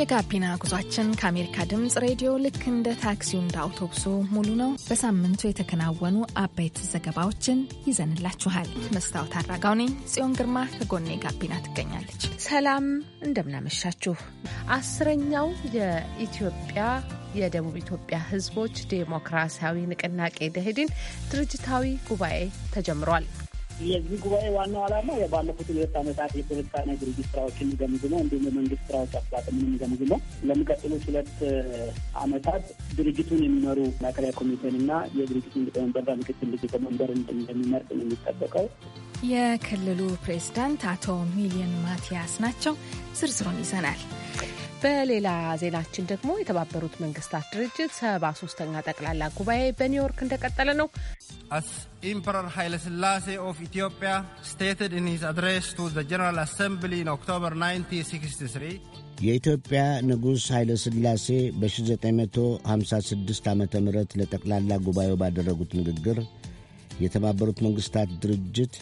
የጋቢና ጉዟችን ከአሜሪካ ድምፅ ሬዲዮ ልክ እንደ ታክሲው እንደ አውቶቡሱ ሙሉ ነው። በሳምንቱ የተከናወኑ አበይት ዘገባዎችን ይዘንላችኋል። መስታወት አድራጋው ነኝ ጽዮን ግርማ ከጎኔ ጋቢና ትገኛለች። ሰላም እንደምናመሻችሁ። አስረኛው የኢትዮጵያ የደቡብ ኢትዮጵያ ሕዝቦች ዴሞክራሲያዊ ንቅናቄ ደኢህዴን ድርጅታዊ ጉባኤ ተጀምሯል። የዚህ ጉባኤ ዋናው ዓላማ የባለፉት ሁለት ዓመታት የፖለቲካና ድርጅት ስራዎችን የሚገምግ ነው። እንዲሁም የመንግስት ስራዎች አፈጻጸምን የሚገምግ ነው። ለሚቀጥሉት ሁለት ዓመታት ድርጅቱን የሚመሩ ማዕከላዊ ኮሚቴንና የድርጅቱን ሊቀመንበርና ምክትል ሊቀመንበር እንደሚመርጥ ነው የሚጠበቀው። የክልሉ ፕሬዝዳንት አቶ ሚሊየን ማቲያስ ናቸው። ዝርዝሩን ይዘናል። በሌላ ዜናችን ደግሞ የተባበሩት መንግስታት ድርጅት ሰባ ሶስተኛ ጠቅላላ ጉባኤ በኒውዮርክ እንደቀጠለ ነው። as Emperor Haile Selassie of Ethiopia stated in his address to the General Assembly in October 1963 የኢትዮጵያ ንጉሥ ኃይለ ሥላሴ በ1956 ዓ ም ለጠቅላላ ጉባኤው ባደረጉት ንግግር የተባበሩት መንግሥታት ድርጅት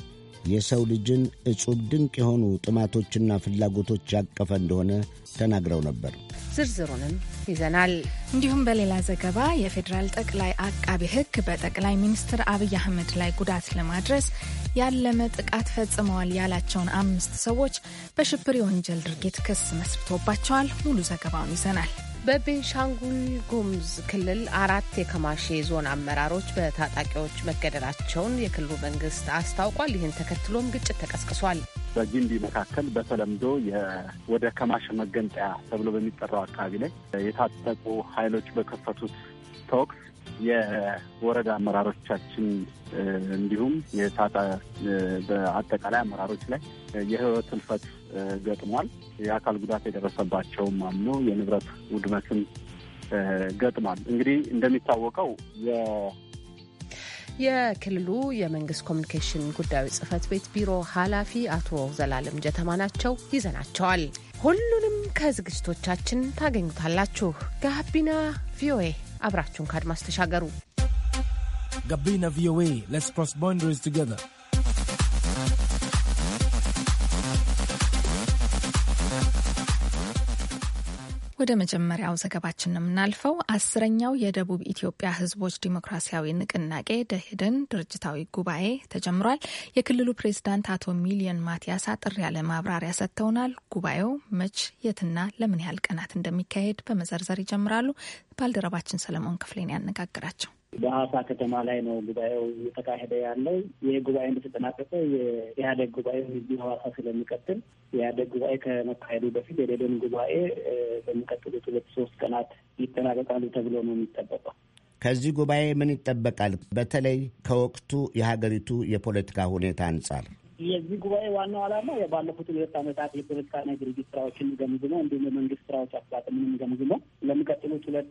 የሰው ልጅን እጹብ ድንቅ የሆኑ ጥማቶችና ፍላጎቶች ያቀፈ እንደሆነ ተናግረው ነበር። ዝርዝሩንም ይዘናል። እንዲሁም በሌላ ዘገባ የፌዴራል ጠቅላይ አቃቢ ሕግ በጠቅላይ ሚኒስትር አብይ አህመድ ላይ ጉዳት ለማድረስ ያለመ ጥቃት ፈጽመዋል ያላቸውን አምስት ሰዎች በሽብር የወንጀል ድርጊት ክስ መስርቶባቸዋል። ሙሉ ዘገባውን ይዘናል። በቤንሻንጉል ጉሙዝ ክልል አራት የከማሼ ዞን አመራሮች በታጣቂዎች መገደላቸውን የክልሉ መንግስት አስታውቋል። ይህን ተከትሎም ግጭት ተቀስቅሷል። በጊምቢ መካከል በተለምዶ ወደ ከማሽ መገንጠያ ተብሎ በሚጠራው አካባቢ ላይ የታጠቁ ኃይሎች በከፈቱት ተኩስ የወረዳ አመራሮቻችን እንዲሁም በአጠቃላይ አመራሮች ላይ የህይወት ህልፈት ገጥሟል። የአካል ጉዳት የደረሰባቸውም አምኖ የንብረት ውድመትን ገጥሟል። እንግዲህ እንደሚታወቀው የክልሉ የመንግስት ኮሚኒኬሽን ጉዳዮች ጽህፈት ቤት ቢሮ ኃላፊ አቶ ዘላለም ጀተማ ናቸው። ይዘናቸዋል። ሁሉንም ከዝግጅቶቻችን ታገኙታላችሁ። ጋቢና ቪኦኤ አብራችሁን ከአድማስ ተሻገሩ። ጋቢና ቪኦኤ ሌትስ ክሮስ ቦንደሪስ ቱጌዘር ወደ መጀመሪያው ዘገባችን የምናልፈው አስረኛው የደቡብ ኢትዮጵያ ህዝቦች ዲሞክራሲያዊ ንቅናቄ ደኢህዴን ድርጅታዊ ጉባኤ ተጀምሯል። የክልሉ ፕሬዚዳንት አቶ ሚሊየን ማቲያስ አጥር ያለ ማብራሪያ ሰጥተውናል። ጉባኤው መች፣ የትና ለምን ያህል ቀናት እንደሚካሄድ በመዘርዘር ይጀምራሉ። ባልደረባችን ሰለሞን ክፍሌን ያነጋግራቸው በሐዋሳ ከተማ ላይ ነው ጉባኤው እየተካሄደ ያለው። ይህ ጉባኤ እንደተጠናቀቀ የኢህአደግ ጉባኤ እዚህ ሐዋሳ ስለሚቀጥል የኢህአደግ ጉባኤ ከመካሄዱ በፊት የደደን ጉባኤ በሚቀጥሉት ሁለት ሶስት ቀናት ይጠናቀቃሉ ተብሎ ነው የሚጠበቀው። ከዚህ ጉባኤ ምን ይጠበቃል? በተለይ ከወቅቱ የሀገሪቱ የፖለቲካ ሁኔታ አንጻር የዚህ ጉባኤ ዋናው ዓላማ የባለፉት ሁለት ዓመታት የፖለቲካና የድርጅት ስራዎችን ገምግመው እንዲሁም የመንግስት ስራዎች አፈጻጸምንም ገምግመው ለሚቀጥሉት ሁለት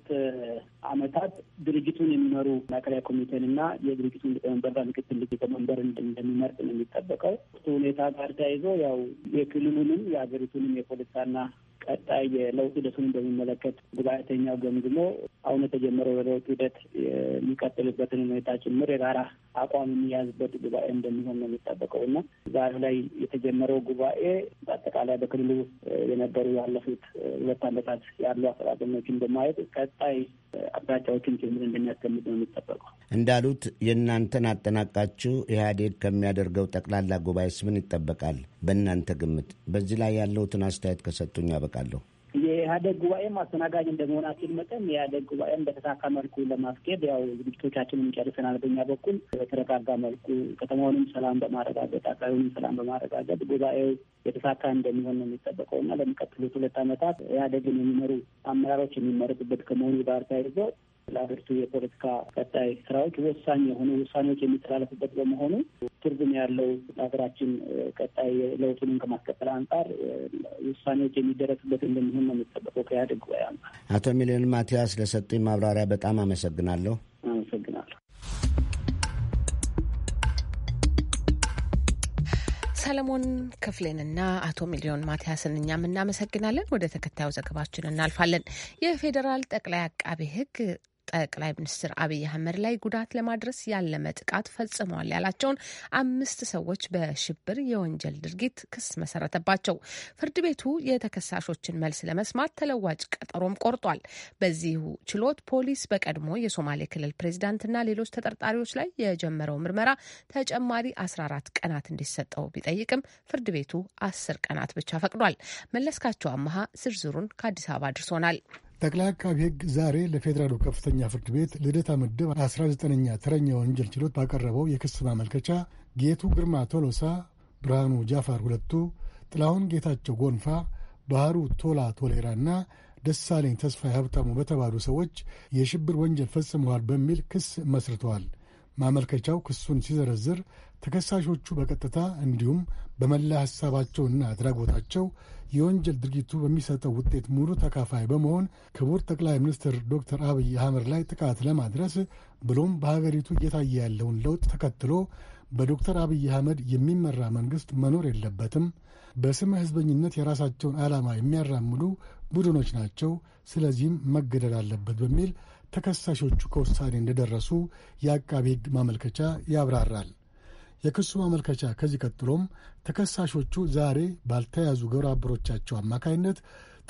ዓመታት ድርጅቱን የሚመሩ ማዕከላዊ ኮሚቴንና የድርጅቱን ሊቀመንበርና ምክትል ሊቀመንበር እንደሚመርጥ ነው የሚጠበቀው። ሁኔታ ጋር ተያይዞ ያው የክልሉንም የሀገሪቱንም የፖለቲካና ቀጣይ የለውጥ ሂደቱን በሚመለከት ጉባኤተኛው ገምግሞ አሁን የተጀመረው የለውጥ ሂደት የሚቀጥልበትን ሁኔታ ጭምር የጋራ አቋም የሚያዝበት ጉባኤ እንደሚሆን ነው የሚጠበቀው እና ዛሬ ላይ የተጀመረው ጉባኤ በአጠቃላይ በክልሉ የነበሩ ያለፉት ሁለት ዓመታት ያሉ አፈጻጸሞችን በማየት ቀጣይ አቅጣጫዎችን ጭምር እንደሚያስቀምጥ ነው የሚጠበቀው። እንዳሉት የእናንተን አጠናቃችሁ ኢህአዴግ ከሚያደርገው ጠቅላላ ጉባኤስ ምን ይጠበቃል? በእናንተ ግምት በዚህ ላይ ያለውትን አስተያየት ከሰጡኝ አበቃ። አውቃለሁ። የኢህአዴግ ጉባኤ ማስተናጋጅ እንደመሆናችን መጠን የኢህአዴግ ጉባኤም በተሳካ መልኩ ለማስኬድ ያው ዝግጅቶቻችንን ጨርሰናል። በኛ በኩል በተረጋጋ መልኩ ከተማውንም ሰላም በማረጋገጥ አካባቢውንም ሰላም በማረጋገጥ ጉባኤው የተሳካ እንደሚሆን ነው የሚጠበቀው እና ለሚቀጥሉት ሁለት ዓመታት ኢህአዴግን የሚመሩ አመራሮች የሚመረጡበት ከመሆኑ ጋር ተያይዞ ለሀገሪቱ የፖለቲካ ቀጣይ ስራዎች ወሳኝ የሆኑ ውሳኔዎች የሚተላለፉበት በመሆኑ ትርጉም ያለው ለሀገራችን ቀጣይ ለውጡን ከማስቀጠል አንጻር ውሳኔዎች የሚደረስበት እንደሚሆን ነው የሚጠበቀው ከኢህአዴግ ጉባኤ አንጻር። አቶ ሚሊዮን ማቲያስ ለሰጡኝ ማብራሪያ በጣም አመሰግናለሁ። አመሰግናለሁ። ሰለሞን ክፍሌንና አቶ ሚሊዮን ማቲያስን እኛም እናመሰግናለን። ወደ ተከታዩ ዘገባችን እናልፋለን። የፌዴራል ጠቅላይ አቃቤ ሕግ ጠቅላይ ሚኒስትር አብይ አህመድ ላይ ጉዳት ለማድረስ ያለመ ጥቃት ፈጽመዋል ያላቸውን አምስት ሰዎች በሽብር የወንጀል ድርጊት ክስ መሰረተባቸው። ፍርድ ቤቱ የተከሳሾችን መልስ ለመስማት ተለዋጭ ቀጠሮም ቆርጧል። በዚሁ ችሎት ፖሊስ በቀድሞ የሶማሌ ክልል ፕሬዚዳንትና ሌሎች ተጠርጣሪዎች ላይ የጀመረው ምርመራ ተጨማሪ 14 ቀናት እንዲሰጠው ቢጠይቅም ፍርድ ቤቱ አስር ቀናት ብቻ ፈቅዷል። መለስካቸው አመሃ ዝርዝሩን ከአዲስ አበባ አድርሶናል። ጠቅላይ አቃቢ ሕግ ዛሬ ለፌዴራሉ ከፍተኛ ፍርድ ቤት ልደታ ምድብ 19ኛ ተረኛ ወንጀል ችሎት ባቀረበው የክስ ማመልከቻ ጌቱ ግርማ ቶሎሳ፣ ብርሃኑ ጃፋር ሁለቱ፣ ጥላሁን ጌታቸው ጎንፋ፣ ባህሩ ቶላ ቶሌራ እና ደሳለኝ ተስፋ ሀብታሙ በተባሉ ሰዎች የሽብር ወንጀል ፈጽመዋል በሚል ክስ መስርተዋል። ማመልከቻው ክሱን ሲዘረዝር ተከሳሾቹ በቀጥታ እንዲሁም በመላ ሐሳባቸውና አድራጎታቸው የወንጀል ድርጊቱ በሚሰጠው ውጤት ሙሉ ተካፋይ በመሆን ክቡር ጠቅላይ ሚኒስትር ዶክተር አብይ አህመድ ላይ ጥቃት ለማድረስ ብሎም በሀገሪቱ እየታየ ያለውን ለውጥ ተከትሎ በዶክተር አብይ አህመድ የሚመራ መንግሥት መኖር የለበትም፣ በስመ ሕዝበኝነት የራሳቸውን ዓላማ የሚያራምዱ ቡድኖች ናቸው፣ ስለዚህም መገደል አለበት በሚል ተከሳሾቹ ከውሳኔ እንደደረሱ የአቃቤ ሕግ ማመልከቻ ያብራራል። የክሱ ማመልከቻ ከዚህ ቀጥሎም ተከሳሾቹ ዛሬ ባልተያዙ ግብረ አበሮቻቸው አማካይነት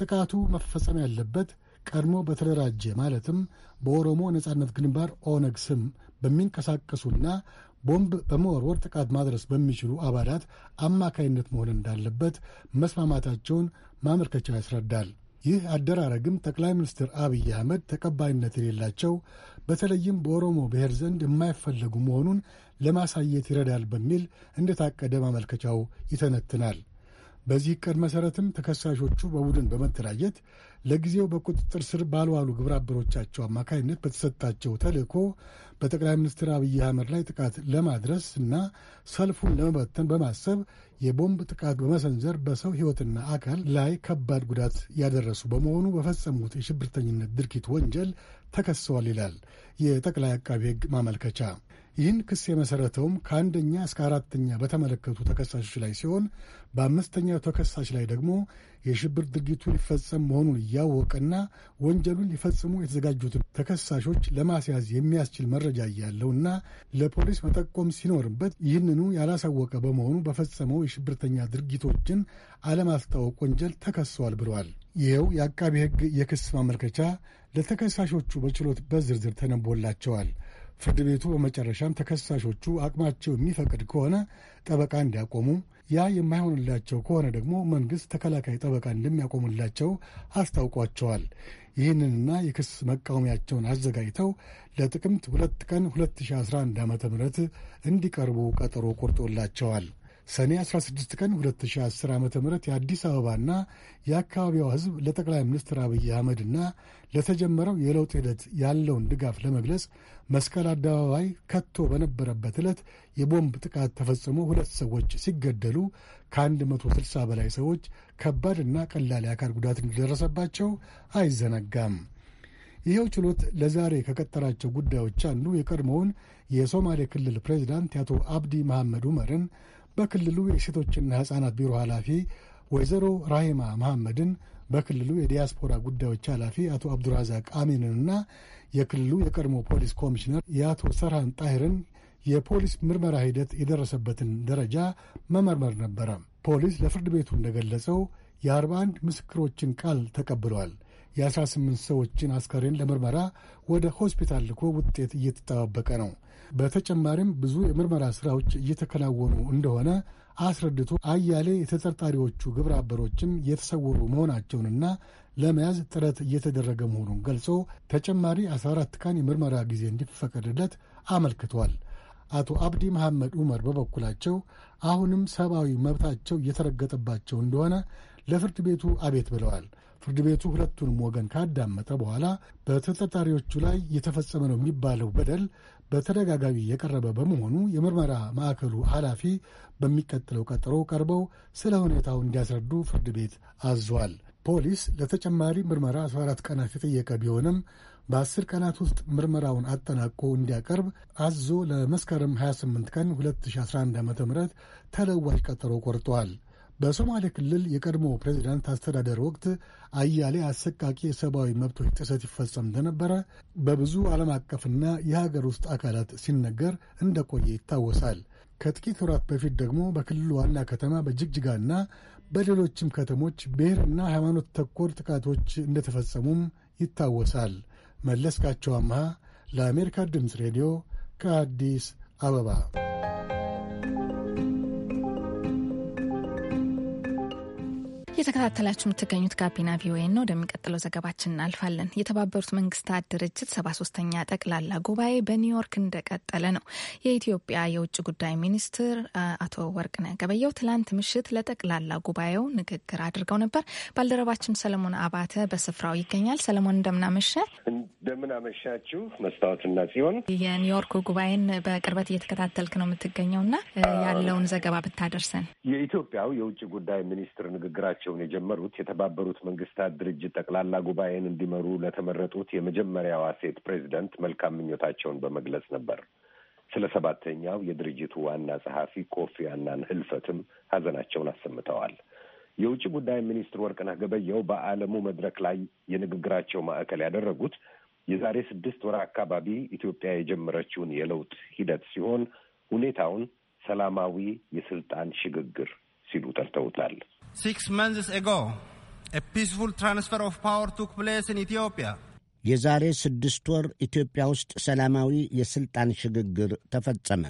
ጥቃቱ መፈጸም ያለበት ቀድሞ በተደራጀ ማለትም በኦሮሞ ነጻነት ግንባር ኦነግ ስም በሚንቀሳቀሱና ቦምብ በመወርወር ጥቃት ማድረስ በሚችሉ አባላት አማካይነት መሆን እንዳለበት መስማማታቸውን ማመልከቻው ያስረዳል። ይህ አደራረግም ጠቅላይ ሚኒስትር አብይ አህመድ ተቀባይነት የሌላቸው በተለይም በኦሮሞ ብሔር ዘንድ የማይፈለጉ መሆኑን ለማሳየት ይረዳል በሚል እንደታቀደ ማመልከቻው ይተነትናል። በዚህ ዕቅድ መሠረትም ተከሳሾቹ በቡድን በመተላየት ለጊዜው በቁጥጥር ስር ባልዋሉ ግብረ አበሮቻቸው አማካኝነት በተሰጣቸው ተልእኮ በጠቅላይ ሚኒስትር አብይ አህመድ ላይ ጥቃት ለማድረስ እና ሰልፉን ለመበተን በማሰብ የቦምብ ጥቃት በመሰንዘር በሰው ሕይወትና አካል ላይ ከባድ ጉዳት ያደረሱ በመሆኑ በፈጸሙት የሽብርተኝነት ድርጊት ወንጀል ተከሰዋል ይላል የጠቅላይ አቃቤ ሕግ ማመልከቻ። ይህን ክስ የመሠረተውም ከአንደኛ እስከ አራተኛ በተመለከቱ ተከሳሾች ላይ ሲሆን በአምስተኛው ተከሳሽ ላይ ደግሞ የሽብር ድርጊቱ ሊፈጸም መሆኑን እያወቀና ወንጀሉን ሊፈጽሙ የተዘጋጁትን ተከሳሾች ለማስያዝ የሚያስችል መረጃ እያለው እና ለፖሊስ መጠቆም ሲኖርበት ይህንኑ ያላሳወቀ በመሆኑ በፈጸመው የሽብርተኛ ድርጊቶችን አለማስታወቅ ወንጀል ተከሰዋል ብለዋል። ይኸው የአቃቢ ሕግ የክስ ማመልከቻ ለተከሳሾቹ በችሎት በዝርዝር ተነቦላቸዋል። ፍርድ ቤቱ በመጨረሻም ተከሳሾቹ አቅማቸው የሚፈቅድ ከሆነ ጠበቃ እንዲያቆሙ፣ ያ የማይሆንላቸው ከሆነ ደግሞ መንግሥት ተከላካይ ጠበቃ እንደሚያቆምላቸው አስታውቋቸዋል። ይህንንና የክስ መቃወሚያቸውን አዘጋጅተው ለጥቅምት ሁለት ቀን 2011 ዓ ም እንዲቀርቡ ቀጠሮ ቆርጦላቸዋል። ሰኔ 16 ቀን 2010 ዓ ም የአዲስ አበባና የአካባቢዋ ህዝብ ለጠቅላይ ሚኒስትር አብይ አህመድና ለተጀመረው የለውጥ ሂደት ያለውን ድጋፍ ለመግለጽ መስቀል አደባባይ ከቶ በነበረበት ዕለት የቦምብ ጥቃት ተፈጽሞ ሁለት ሰዎች ሲገደሉ ከ160 በላይ ሰዎች ከባድና ቀላል የአካል ጉዳት እንደደረሰባቸው አይዘነጋም። ይኸው ችሎት ለዛሬ ከቀጠራቸው ጉዳዮች አንዱ የቀድሞውን የሶማሌ ክልል ፕሬዚዳንት የአቶ አብዲ መሐመድ ዑመርን በክልሉ የሴቶችና ህጻናት ቢሮ ኃላፊ ወይዘሮ ራሂማ መሐመድን በክልሉ የዲያስፖራ ጉዳዮች ኃላፊ አቶ አብዱራዛቅ አሚንንና የክልሉ የቀድሞ ፖሊስ ኮሚሽነር የአቶ ሰርሃን ጣሂርን የፖሊስ ምርመራ ሂደት የደረሰበትን ደረጃ መመርመር ነበረ። ፖሊስ ለፍርድ ቤቱ እንደገለጸው የ41 ምስክሮችን ቃል ተቀብሏል። የ18 ሰዎችን አስከሬን ለምርመራ ወደ ሆስፒታል ልኮ ውጤት እየተጠባበቀ ነው። በተጨማሪም ብዙ የምርመራ ስራዎች እየተከናወኑ እንደሆነ አስረድቶ አያሌ የተጠርጣሪዎቹ ግብረ አበሮችም የተሰወሩ መሆናቸውንና ለመያዝ ጥረት እየተደረገ መሆኑን ገልጾ ተጨማሪ 14 ቀን የምርመራ ጊዜ እንዲፈቀድለት አመልክቷል። አቶ አብዲ መሐመድ ዑመር በበኩላቸው አሁንም ሰብአዊ መብታቸው እየተረገጠባቸው እንደሆነ ለፍርድ ቤቱ አቤት ብለዋል። ፍርድ ቤቱ ሁለቱንም ወገን ካዳመጠ በኋላ በተጠርጣሪዎቹ ላይ የተፈጸመ ነው የሚባለው በደል በተደጋጋሚ የቀረበ በመሆኑ የምርመራ ማዕከሉ ኃላፊ በሚቀጥለው ቀጠሮ ቀርበው ስለ ሁኔታው እንዲያስረዱ ፍርድ ቤት አዟል። ፖሊስ ለተጨማሪ ምርመራ 14 ቀናት የጠየቀ ቢሆንም በአስር ቀናት ውስጥ ምርመራውን አጠናቆ እንዲያቀርብ አዞ ለመስከረም 28 ቀን 2011 ዓ ም ተለዋጭ ቀጠሮ ቆርጠዋል። በሶማሌ ክልል የቀድሞ ፕሬዚዳንት አስተዳደር ወቅት አያሌ አሰቃቂ የሰብአዊ መብቶች ጥሰት ይፈጸም እንደነበረ በብዙ ዓለም አቀፍና የሀገር ውስጥ አካላት ሲነገር እንደቆየ ይታወሳል። ከጥቂት ወራት በፊት ደግሞ በክልሉ ዋና ከተማ በጅግጅጋና በሌሎችም ከተሞች ብሔርና ሃይማኖት ተኮር ጥቃቶች እንደተፈጸሙም ይታወሳል። መለስካቸው አምሃ ለአሜሪካ ድምፅ ሬዲዮ ከአዲስ አበባ እየተከታተላችሁ የምትገኙት ጋቢና ቪኦኤ ነው። ወደሚቀጥለው ዘገባችን እናልፋለን። የተባበሩት መንግስታት ድርጅት ሰባ ሶስተኛ ጠቅላላ ጉባኤ በኒውዮርክ እንደቀጠለ ነው። የኢትዮጵያ የውጭ ጉዳይ ሚኒስትር አቶ ወርቅነህ ገበየሁ ትላንት ምሽት ለጠቅላላ ጉባኤው ንግግር አድርገው ነበር። ባልደረባችን ሰለሞን አባተ በስፍራው ይገኛል። ሰለሞን እንደምናመሸ እንደምናመሻችሁ መስታወትና ሲሆን የኒውዮርኩ ጉባኤን በቅርበት እየተከታተልክ ነው የምትገኘውና ያለውን ዘገባ ብታደርሰን። የኢትዮጵያው የውጭ ጉዳይ ሚኒስትር ንግግራቸው ስራቸውን የጀመሩት የተባበሩት መንግስታት ድርጅት ጠቅላላ ጉባኤን እንዲመሩ ለተመረጡት የመጀመሪያዋ ሴት ፕሬዚደንት መልካም ምኞታቸውን በመግለጽ ነበር። ስለ ሰባተኛው የድርጅቱ ዋና ጸሐፊ ኮፊ አናን ህልፈትም ሀዘናቸውን አሰምተዋል። የውጭ ጉዳይ ሚኒስትር ወርቅነህ ገበየው በዓለሙ መድረክ ላይ የንግግራቸው ማዕከል ያደረጉት የዛሬ ስድስት ወር አካባቢ ኢትዮጵያ የጀመረችውን የለውጥ ሂደት ሲሆን ሁኔታውን ሰላማዊ የስልጣን ሽግግር ሲሉ ጠርተውታል። የዛሬ ስድስት ወር ኢትዮጵያ ውስጥ ሰላማዊ የሥልጣን ሽግግር ተፈጸመ።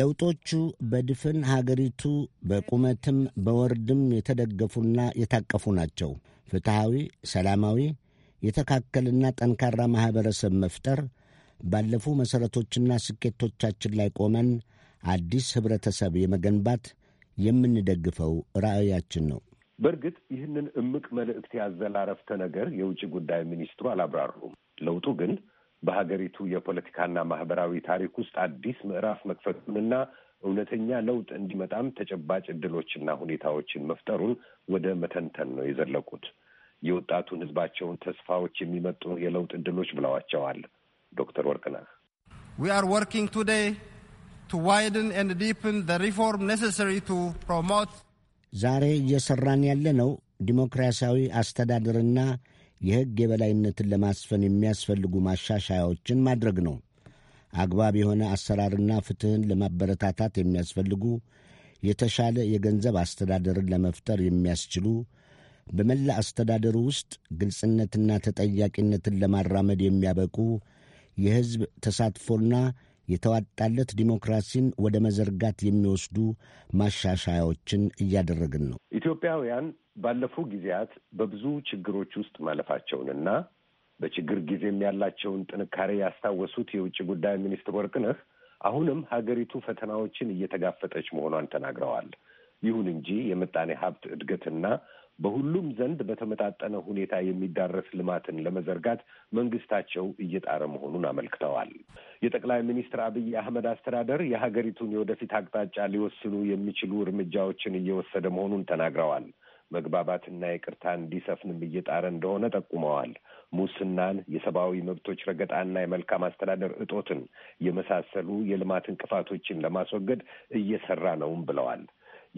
ለውጦቹ በድፍን ሀገሪቱ በቁመትም በወርድም የተደገፉና የታቀፉ ናቸው። ፍትሐዊ፣ ሰላማዊ፣ የተካከልና ጠንካራ ማኅበረሰብ መፍጠር ባለፉ መሠረቶችና ስኬቶቻችን ላይ ቆመን አዲስ ኅብረተሰብ የመገንባት የምንደግፈው ራዕያችን ነው። በእርግጥ ይህንን እምቅ መልእክት ያዘለ አረፍተ ነገር የውጭ ጉዳይ ሚኒስትሩ አላብራሩም። ለውጡ ግን በሀገሪቱ የፖለቲካና ማህበራዊ ታሪክ ውስጥ አዲስ ምዕራፍ መክፈቱንና እውነተኛ ለውጥ እንዲመጣም ተጨባጭ እድሎችና ሁኔታዎችን መፍጠሩን ወደ መተንተን ነው የዘለቁት። የወጣቱን ህዝባቸውን ተስፋዎች የሚመጡ የለውጥ እድሎች ብለዋቸዋል። ዶክተር ወርቅነህ We are working today to widen and deepen ዛሬ እየሠራን ያለነው ዲሞክራሲያዊ አስተዳደርና የሕግ የበላይነትን ለማስፈን የሚያስፈልጉ ማሻሻያዎችን ማድረግ ነው። አግባብ የሆነ አሰራርና ፍትሕን ለማበረታታት የሚያስፈልጉ የተሻለ የገንዘብ አስተዳደርን ለመፍጠር የሚያስችሉ በመላ አስተዳደሩ ውስጥ ግልጽነትና ተጠያቂነትን ለማራመድ የሚያበቁ የሕዝብ ተሳትፎና የተዋጣለት ዲሞክራሲን ወደ መዘርጋት የሚወስዱ ማሻሻያዎችን እያደረግን ነው። ኢትዮጵያውያን ባለፉ ጊዜያት በብዙ ችግሮች ውስጥ ማለፋቸውንና በችግር ጊዜም ያላቸውን ጥንካሬ ያስታወሱት የውጭ ጉዳይ ሚኒስትር ወርቅነህ አሁንም ሀገሪቱ ፈተናዎችን እየተጋፈጠች መሆኗን ተናግረዋል። ይሁን እንጂ የምጣኔ ሀብት እድገትና በሁሉም ዘንድ በተመጣጠነ ሁኔታ የሚዳረስ ልማትን ለመዘርጋት መንግስታቸው እየጣረ መሆኑን አመልክተዋል። የጠቅላይ ሚኒስትር አብይ አህመድ አስተዳደር የሀገሪቱን የወደፊት አቅጣጫ ሊወስኑ የሚችሉ እርምጃዎችን እየወሰደ መሆኑን ተናግረዋል። መግባባትና ይቅርታ እንዲሰፍንም እየጣረ እንደሆነ ጠቁመዋል። ሙስናን፣ የሰብአዊ መብቶች ረገጣና የመልካም አስተዳደር እጦትን የመሳሰሉ የልማት እንቅፋቶችን ለማስወገድ እየሰራ ነውም ብለዋል።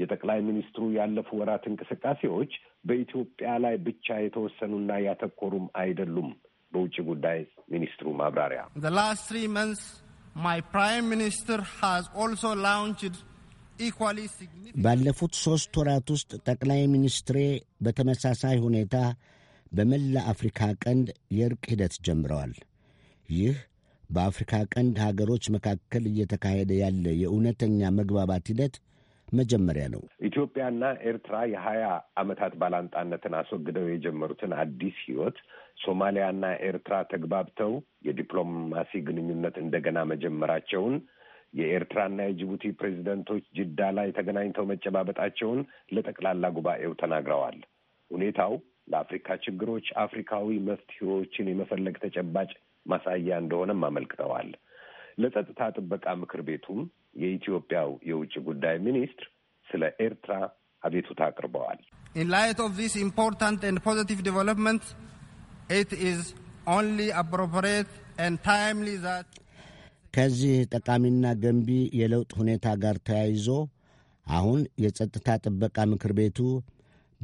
የጠቅላይ ሚኒስትሩ ያለፉ ወራት እንቅስቃሴዎች በኢትዮጵያ ላይ ብቻ የተወሰኑና ያተኮሩም አይደሉም። በውጭ ጉዳይ ሚኒስትሩ ማብራሪያ the last three months my ባለፉት ሦስት ወራት ውስጥ ጠቅላይ ሚኒስትሬ በተመሳሳይ ሁኔታ በመላ አፍሪካ ቀንድ የእርቅ ሂደት ጀምረዋል። ይህ በአፍሪካ ቀንድ ሀገሮች መካከል እየተካሄደ ያለ የእውነተኛ መግባባት ሂደት መጀመሪያ ነው። ኢትዮጵያና ኤርትራ የሀያ ዓመታት ባላንጣነትን አስወግደው የጀመሩትን አዲስ ህይወት ሶማሊያና ኤርትራ ተግባብተው የዲፕሎማሲ ግንኙነት እንደገና መጀመራቸውን የኤርትራና የጅቡቲ ፕሬዚደንቶች ጅዳ ላይ ተገናኝተው መጨባበጣቸውን ለጠቅላላ ጉባኤው ተናግረዋል። ሁኔታው ለአፍሪካ ችግሮች አፍሪካዊ መፍትሄዎችን የመፈለግ ተጨባጭ ማሳያ እንደሆነም አመልክተዋል። ለጸጥታ ጥበቃ ምክር ቤቱም የኢትዮጵያው የውጭ ጉዳይ ሚኒስትር ስለ ኤርትራ አቤቱታ አቅርበዋል። ኢን ላይት ኦፍ ዚስ ኢምፖርታንት ኤንድ ፖዚቲቭ ዴቨሎፕመንት ኢት ኢዝ ኦንሊ ኤንድ ታይምሊ ዛት ከዚህ ጠቃሚና ገንቢ የለውጥ ሁኔታ ጋር ተያይዞ አሁን የጸጥታ ጥበቃ ምክር ቤቱ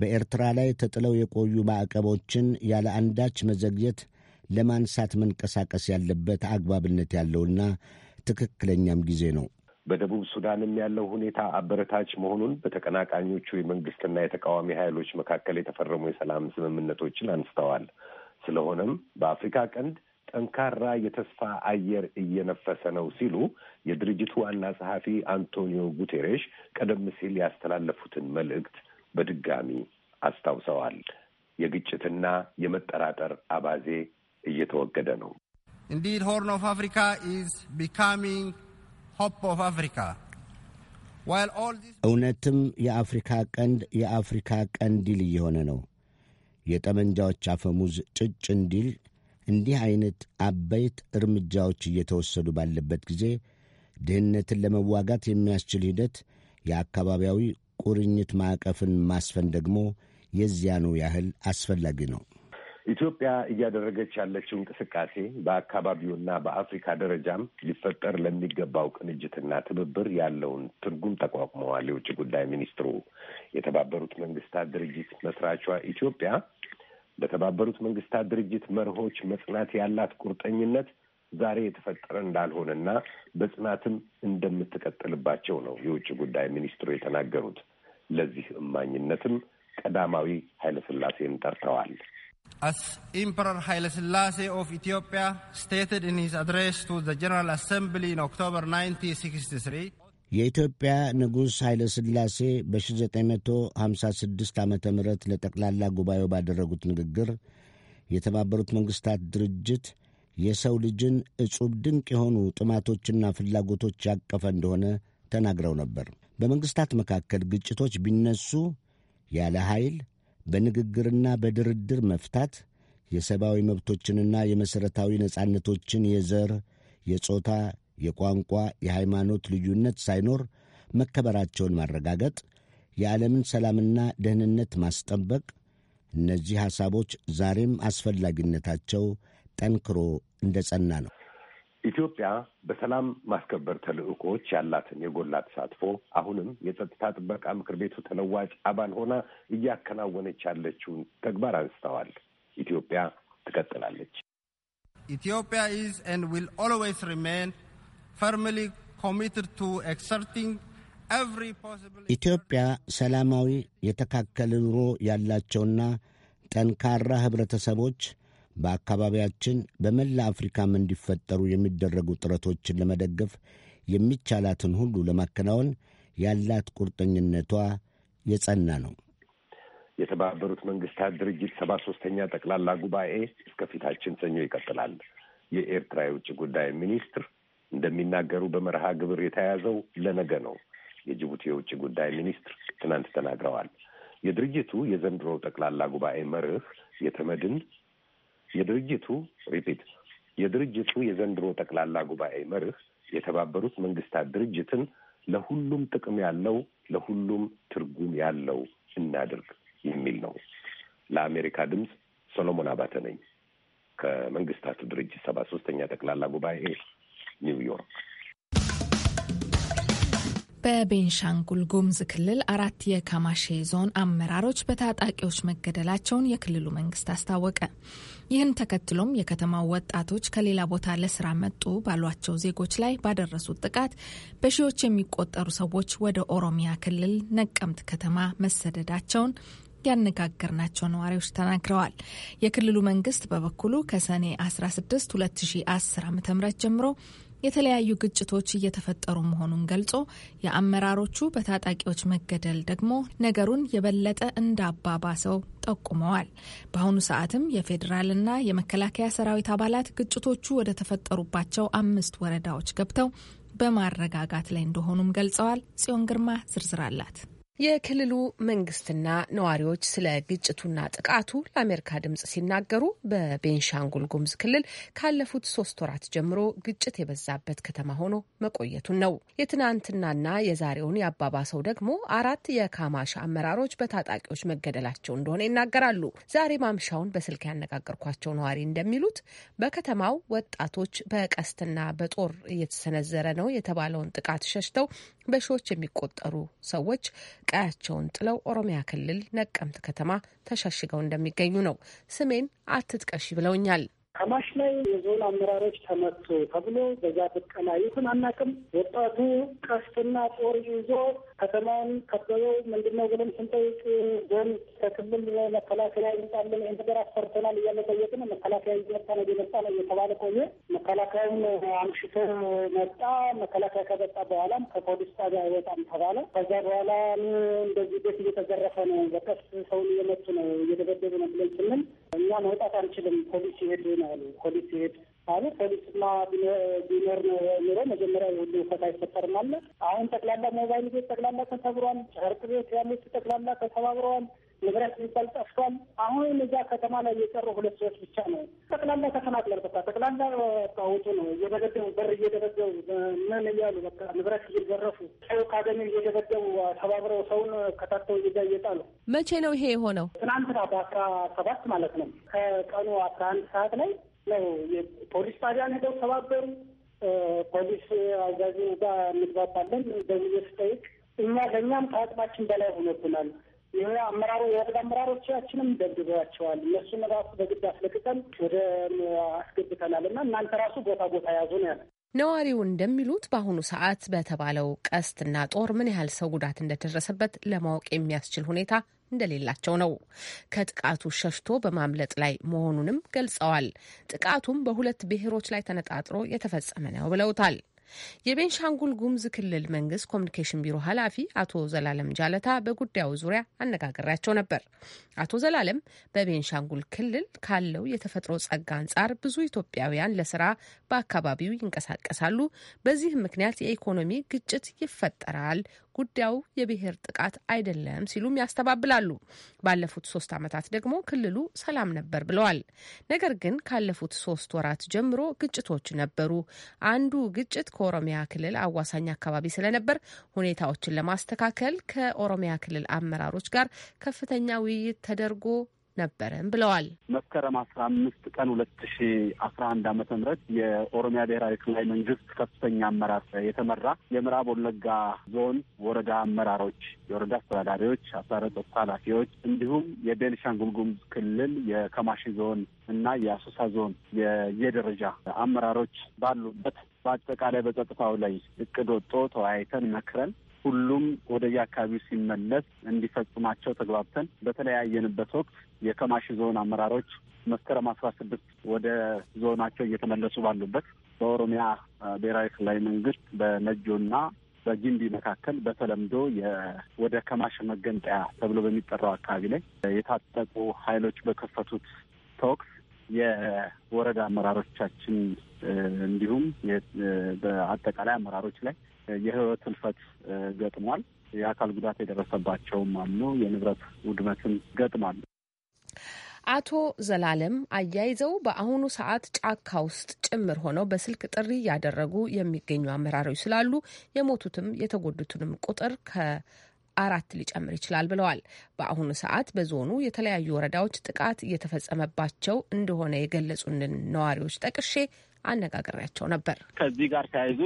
በኤርትራ ላይ ተጥለው የቆዩ ማዕቀቦችን ያለ አንዳች መዘግየት ለማንሳት መንቀሳቀስ ያለበት አግባብነት ያለውና ትክክለኛም ጊዜ ነው። በደቡብ ሱዳንም ያለው ሁኔታ አበረታች መሆኑን በተቀናቃኞቹ የመንግስትና የተቃዋሚ ኃይሎች መካከል የተፈረሙ የሰላም ስምምነቶችን አንስተዋል። ስለሆነም በአፍሪካ ቀንድ ጠንካራ የተስፋ አየር እየነፈሰ ነው ሲሉ የድርጅቱ ዋና ጸሐፊ አንቶኒዮ ጉቴሬሽ ቀደም ሲል ያስተላለፉትን መልእክት በድጋሚ አስታውሰዋል። የግጭትና የመጠራጠር አባዜ እየተወገደ ነው። Indeed, Horn of Africa is becoming እውነትም የአፍሪካ ቀንድ የአፍሪካ ቀንዲል እየሆነ ነው። የጠመንጃዎች አፈሙዝ ጭጭ እንዲል እንዲህ አይነት አበይት እርምጃዎች እየተወሰዱ ባለበት ጊዜ ድህነትን ለመዋጋት የሚያስችል ሂደት የአካባቢያዊ ቁርኝት ማዕቀፍን ማስፈን ደግሞ የዚያኑ ያህል አስፈላጊ ነው። ኢትዮጵያ እያደረገች ያለችው እንቅስቃሴ በአካባቢውና በአፍሪካ ደረጃም ሊፈጠር ለሚገባው ቅንጅትና ትብብር ያለውን ትርጉም ተቋቁመዋል የውጭ ጉዳይ ሚኒስትሩ የተባበሩት መንግስታት ድርጅት መስራቿ ኢትዮጵያ በተባበሩት መንግስታት ድርጅት መርሆች መጽናት ያላት ቁርጠኝነት ዛሬ የተፈጠረ እንዳልሆነና በጽናትም እንደምትቀጥልባቸው ነው የውጭ ጉዳይ ሚኒስትሩ የተናገሩት። ለዚህ እማኝነትም ቀዳማዊ ኃይለስላሴን ጠርተዋል። As Emperor Haile Selassie of Ethiopia stated in his address to the General Assembly in October 1963 የኢትዮጵያ ንጉሥ ኃይለ ሥላሴ በ1956 ዓ ም ለጠቅላላ ጉባኤው ባደረጉት ንግግር የተባበሩት መንግሥታት ድርጅት የሰው ልጅን ዕጹብ ድንቅ የሆኑ ጥማቶችና ፍላጎቶች ያቀፈ እንደሆነ ተናግረው ነበር። በመንግሥታት መካከል ግጭቶች ቢነሱ ያለ ኃይል በንግግርና በድርድር መፍታት የሰብአዊ መብቶችንና የመሠረታዊ ነጻነቶችን የዘር፣ የጾታ፣ የቋንቋ፣ የሃይማኖት ልዩነት ሳይኖር መከበራቸውን ማረጋገጥ፣ የዓለምን ሰላምና ደህንነት ማስጠበቅ እነዚህ ሐሳቦች ዛሬም አስፈላጊነታቸው ጠንክሮ እንደ ጸና ነው። ኢትዮጵያ በሰላም ማስከበር ተልዕኮዎች ያላትን የጎላ ተሳትፎ አሁንም የጸጥታ ጥበቃ ምክር ቤቱ ተለዋጭ አባል ሆና እያከናወነች ያለችውን ተግባር አንስተዋል። ኢትዮጵያ ትቀጥላለች። ኢትዮጵያ ኢዝ ኤንድ ዊል ኦልዌይስ ሪሜን ፈርምሊ ኮሚትድ ቱ ኤክሰርቲንግ ኢትዮጵያ ሰላማዊ የተካከለ ኑሮ ያላቸውና ጠንካራ ህብረተሰቦች በአካባቢያችን በመላ አፍሪካም እንዲፈጠሩ የሚደረጉ ጥረቶችን ለመደገፍ የሚቻላትን ሁሉ ለማከናወን ያላት ቁርጠኝነቷ የጸና ነው። የተባበሩት መንግስታት ድርጅት ሰባ ሶስተኛ ጠቅላላ ጉባኤ እስከፊታችን ሰኞ ይቀጥላል። የኤርትራ የውጭ ጉዳይ ሚኒስትር እንደሚናገሩ በመርሃ ግብር የተያዘው ለነገ ነው። የጅቡቲ የውጭ ጉዳይ ሚኒስትር ትናንት ተናግረዋል። የድርጅቱ የዘንድሮ ጠቅላላ ጉባኤ መርህ የተመድን የድርጅቱ ሪፒት የድርጅቱ የዘንድሮ ጠቅላላ ጉባኤ መርህ የተባበሩት መንግስታት ድርጅትን ለሁሉም ጥቅም ያለው ለሁሉም ትርጉም ያለው እናድርግ የሚል ነው። ለአሜሪካ ድምፅ ሶሎሞን አባተ ነኝ ከመንግስታቱ ድርጅት ሰባ ሶስተኛ ጠቅላላ ጉባኤ ኒውዮርክ። በቤንሻንጉል ጉምዝ ክልል አራት የካማሼ ዞን አመራሮች በታጣቂዎች መገደላቸውን የክልሉ መንግስት አስታወቀ። ይህን ተከትሎም የከተማው ወጣቶች ከሌላ ቦታ ለስራ መጡ ባሏቸው ዜጎች ላይ ባደረሱት ጥቃት በሺዎች የሚቆጠሩ ሰዎች ወደ ኦሮሚያ ክልል ነቀምት ከተማ መሰደዳቸውን ያነጋገርናቸው ነዋሪዎች ተናግረዋል። የክልሉ መንግስት በበኩሉ ከሰኔ 16 2010 ዓ.ም ጀምሮ የተለያዩ ግጭቶች እየተፈጠሩ መሆኑን ገልጾ የአመራሮቹ በታጣቂዎች መገደል ደግሞ ነገሩን የበለጠ እንዳባባሰው ጠቁመዋል። በአሁኑ ሰዓትም የፌዴራልና የመከላከያ ሰራዊት አባላት ግጭቶቹ ወደ ተፈጠሩባቸው አምስት ወረዳዎች ገብተው በማረጋጋት ላይ እንደሆኑም ገልጸዋል። ጽዮን ግርማ ዝርዝር አላት። የክልሉ መንግስትና ነዋሪዎች ስለ ግጭቱና ጥቃቱ ለአሜሪካ ድምጽ ሲናገሩ በቤንሻንጉል ጉሙዝ ክልል ካለፉት ሶስት ወራት ጀምሮ ግጭት የበዛበት ከተማ ሆኖ መቆየቱን ነው። የትናንትናና የዛሬውን ያባባሰው ደግሞ አራት የካማሽ አመራሮች በታጣቂዎች መገደላቸው እንደሆነ ይናገራሉ። ዛሬ ማምሻውን በስልክ ያነጋገርኳቸው ነዋሪ እንደሚሉት በከተማው ወጣቶች በቀስትና በጦር እየተሰነዘረ ነው የተባለውን ጥቃት ሸሽተው በሺዎች የሚቆጠሩ ሰዎች ቀያቸውን ጥለው ኦሮሚያ ክልል ነቀምት ከተማ ተሸሽገው እንደሚገኙ ነው። ስሜን አትጥቀሺ ብለውኛል። ከማሽ ላይ የዞን አመራሮች ተመቱ ተብሎ በዛ ብቀላ ይሁን አናውቅም። ወጣቱ ቀስትና ጦር ይዞ ከተማውን ከበበው። ነው ብለን ስንጠይቅ ዞን ከክልል መከላከያ ይመጣለን ይህን ነገር አስፈርተናል እያለ ጠየቅን። መከላከያ እየመጣ ነው እየመጣ ነው እየተባለ ቆየ። መከላከያውን አምሽቶ መጣ። መከላከያ ከመጣ በኋላም ከፖሊስ ጣቢያ አይወጣም ተባለ። ከዛ በኋላ እንደዚህ ቤት እየተዘረፈ ነው፣ በቀስ ሰውን እየመቱ ነው፣ እየደበደ ፖሊስ ሲሄድ ነው ያሉ። ፖሊስ ሲሄድ አሉ። ፖሊስማ ቢኖር ኑሮ መጀመሪያ ሁሉ ፈታ አይፈጠርም አለ። አሁን ጠቅላላ ሞባይል ቤት ጠቅላላ ተሰብሯል። ጨርቅ ቤት ያሉት ጠቅላላ ተሰባብረዋል። ንብረት ሚባል ጠፍቷል። አሁን እዛ ከተማ ላይ የቀሩ ሁለት ሰዎች ብቻ ነው። ጠቅላላ ተፈናቅለን በቃ ጠቅላላ ውጡ ነው እየደበደቡ በር እየደበደቡ ምን እያሉ በቃ ንብረት እየዘረፉ ሰው ካገኙ እየደበደቡ ተባብረው ሰውን ከታተው እየጋ እየጣሉ መቼ ነው ይሄ የሆነው? ትናንትና በአስራ ሰባት ማለት ነው ከቀኑ አስራ አንድ ሰዓት ላይ ነው የፖሊስ ጣቢያን ሄደው ተባበሩ። ፖሊስ አዛዥ ጋር እንግባባለን በሚል ስጠይቅ እኛ ለእኛም ከአቅማችን በላይ ሆነብናል። ይህ አመራሩ የወረዳ አመራሮቻችንም ደብድበዋቸዋል። እነሱን ራሱ በግድ አስለቅቀን ወደ አስገብተናል እና እናንተ ራሱ ቦታ ቦታ ያዙ ነው ያለ። ነዋሪው እንደሚሉት በአሁኑ ሰዓት በተባለው ቀስትና ጦር ምን ያህል ሰው ጉዳት እንደደረሰበት ለማወቅ የሚያስችል ሁኔታ እንደሌላቸው ነው። ከጥቃቱ ሸሽቶ በማምለጥ ላይ መሆኑንም ገልጸዋል። ጥቃቱም በሁለት ብሔሮች ላይ ተነጣጥሮ የተፈጸመ ነው ብለውታል። የቤንሻንጉል ጉሙዝ ክልል መንግስት ኮሚኒኬሽን ቢሮ ኃላፊ አቶ ዘላለም ጃለታ በጉዳዩ ዙሪያ አነጋግሬያቸው ነበር። አቶ ዘላለም በቤንሻንጉል ክልል ካለው የተፈጥሮ ጸጋ አንጻር ብዙ ኢትዮጵያውያን ለስራ በአካባቢው ይንቀሳቀሳሉ። በዚህ ምክንያት የኢኮኖሚ ግጭት ይፈጠራል ጉዳዩ የብሔር ጥቃት አይደለም ሲሉም ያስተባብላሉ። ባለፉት ሶስት ዓመታት ደግሞ ክልሉ ሰላም ነበር ብለዋል። ነገር ግን ካለፉት ሶስት ወራት ጀምሮ ግጭቶች ነበሩ። አንዱ ግጭት ከኦሮሚያ ክልል አዋሳኝ አካባቢ ስለነበር ሁኔታዎችን ለማስተካከል ከኦሮሚያ ክልል አመራሮች ጋር ከፍተኛ ውይይት ተደርጎ ነበረም ብለዋል። መስከረም አስራ አምስት ቀን ሁለት ሺ አስራ አንድ አመተ ምህረት የኦሮሚያ ብሔራዊ ክልላዊ መንግስት ከፍተኛ አመራር የተመራ የምዕራብ ወለጋ ዞን ወረዳ አመራሮች፣ የወረዳ አስተዳዳሪዎች፣ አስተዳደር ጸጥታ ኃላፊዎች እንዲሁም የቤኒሻንጉል ጉሙዝ ክልል የከማሺ ዞን እና የአሶሳ ዞን የየደረጃ አመራሮች ባሉበት በአጠቃላይ በጸጥታው ላይ እቅድ ወጦ ተወያይተን መክረን ሁሉም ወደየ አካባቢው ሲመለስ እንዲፈጽማቸው ተግባብተን በተለያየንበት ወቅት የከማሽ ዞን አመራሮች መስከረም አስራ ስድስት ወደ ዞናቸው እየተመለሱ ባሉበት በኦሮሚያ ብሔራዊ ክልላዊ መንግስት በነጆና በጊምቢ መካከል በተለምዶ ወደ ከማሽ መገንጠያ ተብሎ በሚጠራው አካባቢ ላይ የታጠቁ ኃይሎች በከፈቱት ተኩስ የወረዳ አመራሮቻችን እንዲሁም በአጠቃላይ አመራሮች ላይ የህይወት ህልፈት ገጥሟል። የአካል ጉዳት የደረሰባቸውም አሉ። የንብረት ውድመትም ገጥሟል። አቶ ዘላለም አያይዘው በአሁኑ ሰዓት ጫካ ውስጥ ጭምር ሆነው በስልክ ጥሪ እያደረጉ የሚገኙ አመራሮች ስላሉ የሞቱትም የተጎዱትንም ቁጥር ከአራት ሊጨምር ይችላል ብለዋል። በአሁኑ ሰዓት በዞኑ የተለያዩ ወረዳዎች ጥቃት እየተፈጸመባቸው እንደሆነ የገለጹንን ነዋሪዎች ጠቅሼ አነጋግሬያቸው ነበር። ከዚህ ጋር ተያይዞ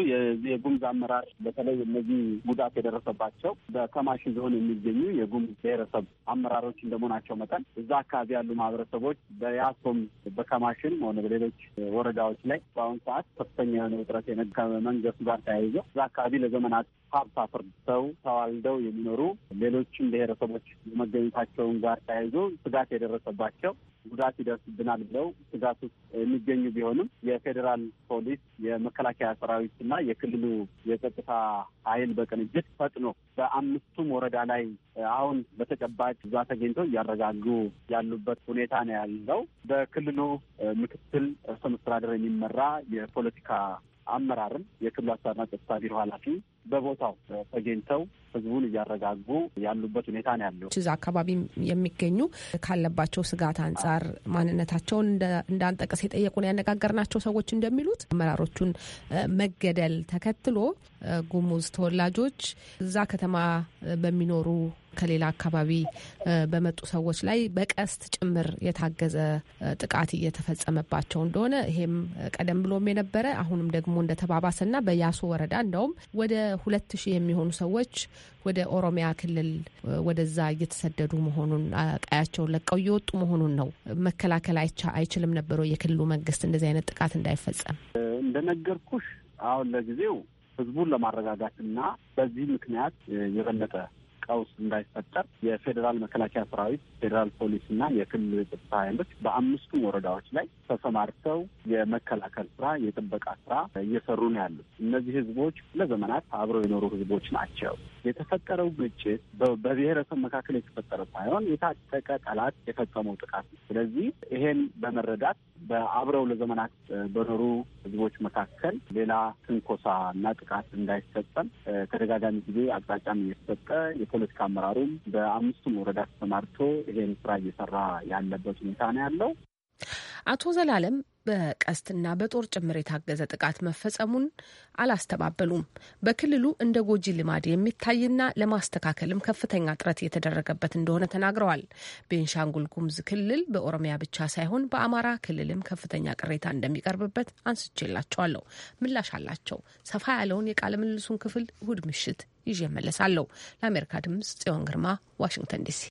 የጉሙዝ አመራር በተለይ እነዚህ ጉዳት የደረሰባቸው በከማሽ ዞን የሚገኙ የጉምዝ ብሔረሰብ አመራሮች እንደመሆናቸው መጠን እዛ አካባቢ ያሉ ማህበረሰቦች በያሶም በከማሽም ሆነ በሌሎች ወረዳዎች ላይ በአሁኑ ሰዓት ከፍተኛ የሆነ ውጥረት ከመንገሱ ጋር ተያይዞ እዛ አካባቢ ለዘመናት ሀብት አፍርተው ተዋልደው የሚኖሩ ሌሎችም ብሔረሰቦች መገኘታቸውን ጋር ተያይዞ ስጋት የደረሰባቸው ጉዳት ይደርስብናል ብለው ስጋት ውስጥ የሚገኙ ቢሆንም የፌዴራል ፖሊስ፣ የመከላከያ ሰራዊት እና የክልሉ የጸጥታ ኃይል በቅንጅት ፈጥኖ በአምስቱም ወረዳ ላይ አሁን በተጨባጭ እዛ ተገኝቶ እያረጋጉ ያሉበት ሁኔታ ነው ያለው። በክልሉ ምክትል ርዕሰ መስተዳደር የሚመራ የፖለቲካ አመራርም የክልሉ አስተዳደርና ጸጥታ ቢሮ ኃላፊ በቦታው ተገኝተው ህዝቡን እያረጋጉ ያሉበት ሁኔታ ነው ያለው። እዛ አካባቢ የሚገኙ ካለባቸው ስጋት አንጻር ማንነታቸውን እንዳንጠቀስ የጠየቁን ያነጋገርናቸው ሰዎች እንደሚሉት አመራሮቹን መገደል ተከትሎ ጉሙዝ ተወላጆች እዛ ከተማ በሚኖሩ ከሌላ አካባቢ በመጡ ሰዎች ላይ በቀስት ጭምር የታገዘ ጥቃት እየተፈጸመባቸው እንደሆነ ይሄም ቀደም ብሎም የነበረ አሁንም ደግሞ እንደተባባሰና በያሶ ወረዳ እንደውም ወደ ሁለት ሺህ የሚሆኑ ሰዎች ወደ ኦሮሚያ ክልል ወደዛ እየተሰደዱ መሆኑን ቀያቸውን ለቀው እየወጡ መሆኑን ነው። መከላከል አይችልም ነበረው የክልሉ መንግስት እንደዚህ አይነት ጥቃት እንዳይፈጸም እንደነገርኩሽ አሁን ለጊዜው ህዝቡን ለማረጋጋት እና በዚህ ምክንያት የበለጠ ቀውስ እንዳይፈጠር የፌዴራል መከላከያ ሰራዊት፣ ፌዴራል ፖሊስ እና የክልል ጸጥታ ኃይሎች በአምስቱም ወረዳዎች ላይ ተሰማርተው የመከላከል ስራ፣ የጥበቃ ስራ እየሰሩ ነው ያሉት። እነዚህ ህዝቦች ለዘመናት አብረው የኖሩ ህዝቦች ናቸው። የተፈጠረው ግጭት በብሔረሰብ መካከል የተፈጠረ ሳይሆን የታጠቀ ጠላት የፈጸመው ጥቃት ነው። ስለዚህ ይሄን በመረዳት በአብረው ለዘመናት በኖሩ ህዝቦች መካከል ሌላ ትንኮሳ እና ጥቃት እንዳይፈጸም ተደጋጋሚ ጊዜ አቅጣጫም እየተሰጠ የፖለቲካ አመራሩም በአምስቱም ወረዳ ተሰማርቶ ይሄን ስራ እየሰራ ያለበት ሁኔታ ነው ያለው። አቶ ዘላለም በቀስትና በጦር ጭምር የታገዘ ጥቃት መፈጸሙን አላስተባበሉም። በክልሉ እንደ ጎጂ ልማድ የሚታይና ለማስተካከልም ከፍተኛ ጥረት የተደረገበት እንደሆነ ተናግረዋል። ቤንሻንጉል ጉሙዝ ክልል በኦሮሚያ ብቻ ሳይሆን በአማራ ክልልም ከፍተኛ ቅሬታ እንደሚቀርብበት አንስቼላቸዋለሁ። ምላሽ አላቸው። ሰፋ ያለውን የቃለ ምልልሱን ክፍል እሁድ ምሽት ይዤ መለሳለሁ። ለአሜሪካ ድምጽ ጽዮን ግርማ ዋሽንግተን ዲሲ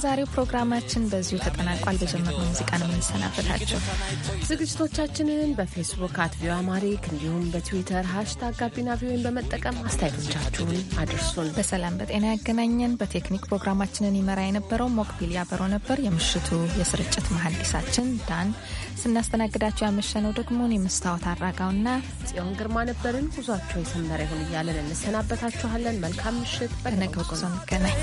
የዛሬው ፕሮግራማችን በዚሁ ተጠናቋል። በጀመርነው ሙዚቃ ነው የምንሰናበታቸው። ዝግጅቶቻችንን በፌስቡክ አት አማሪክ እንዲሁም በትዊተር ሀሽታግ ጋቢና ቪዮን በመጠቀም አስተያየቶቻችሁን አድርሱን። በሰላም በጤና ያገናኘን። በቴክኒክ ፕሮግራማችንን ይመራ የነበረው ሞክቢል ያበሮ ነበር። የምሽቱ የስርጭት መሀዲሳችን ዳን፣ ስናስተናግዳቸው ያመሸነው ደግሞ የመስታወት አራጋውና ጽዮን ግርማ ነበርን። ጉዟቸው የሰመረ ይሁን እያለን እንሰናበታችኋለን። መልካም ምሽት። በነገው ጉዞ እንገናኝ።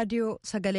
raadiyoo sagalee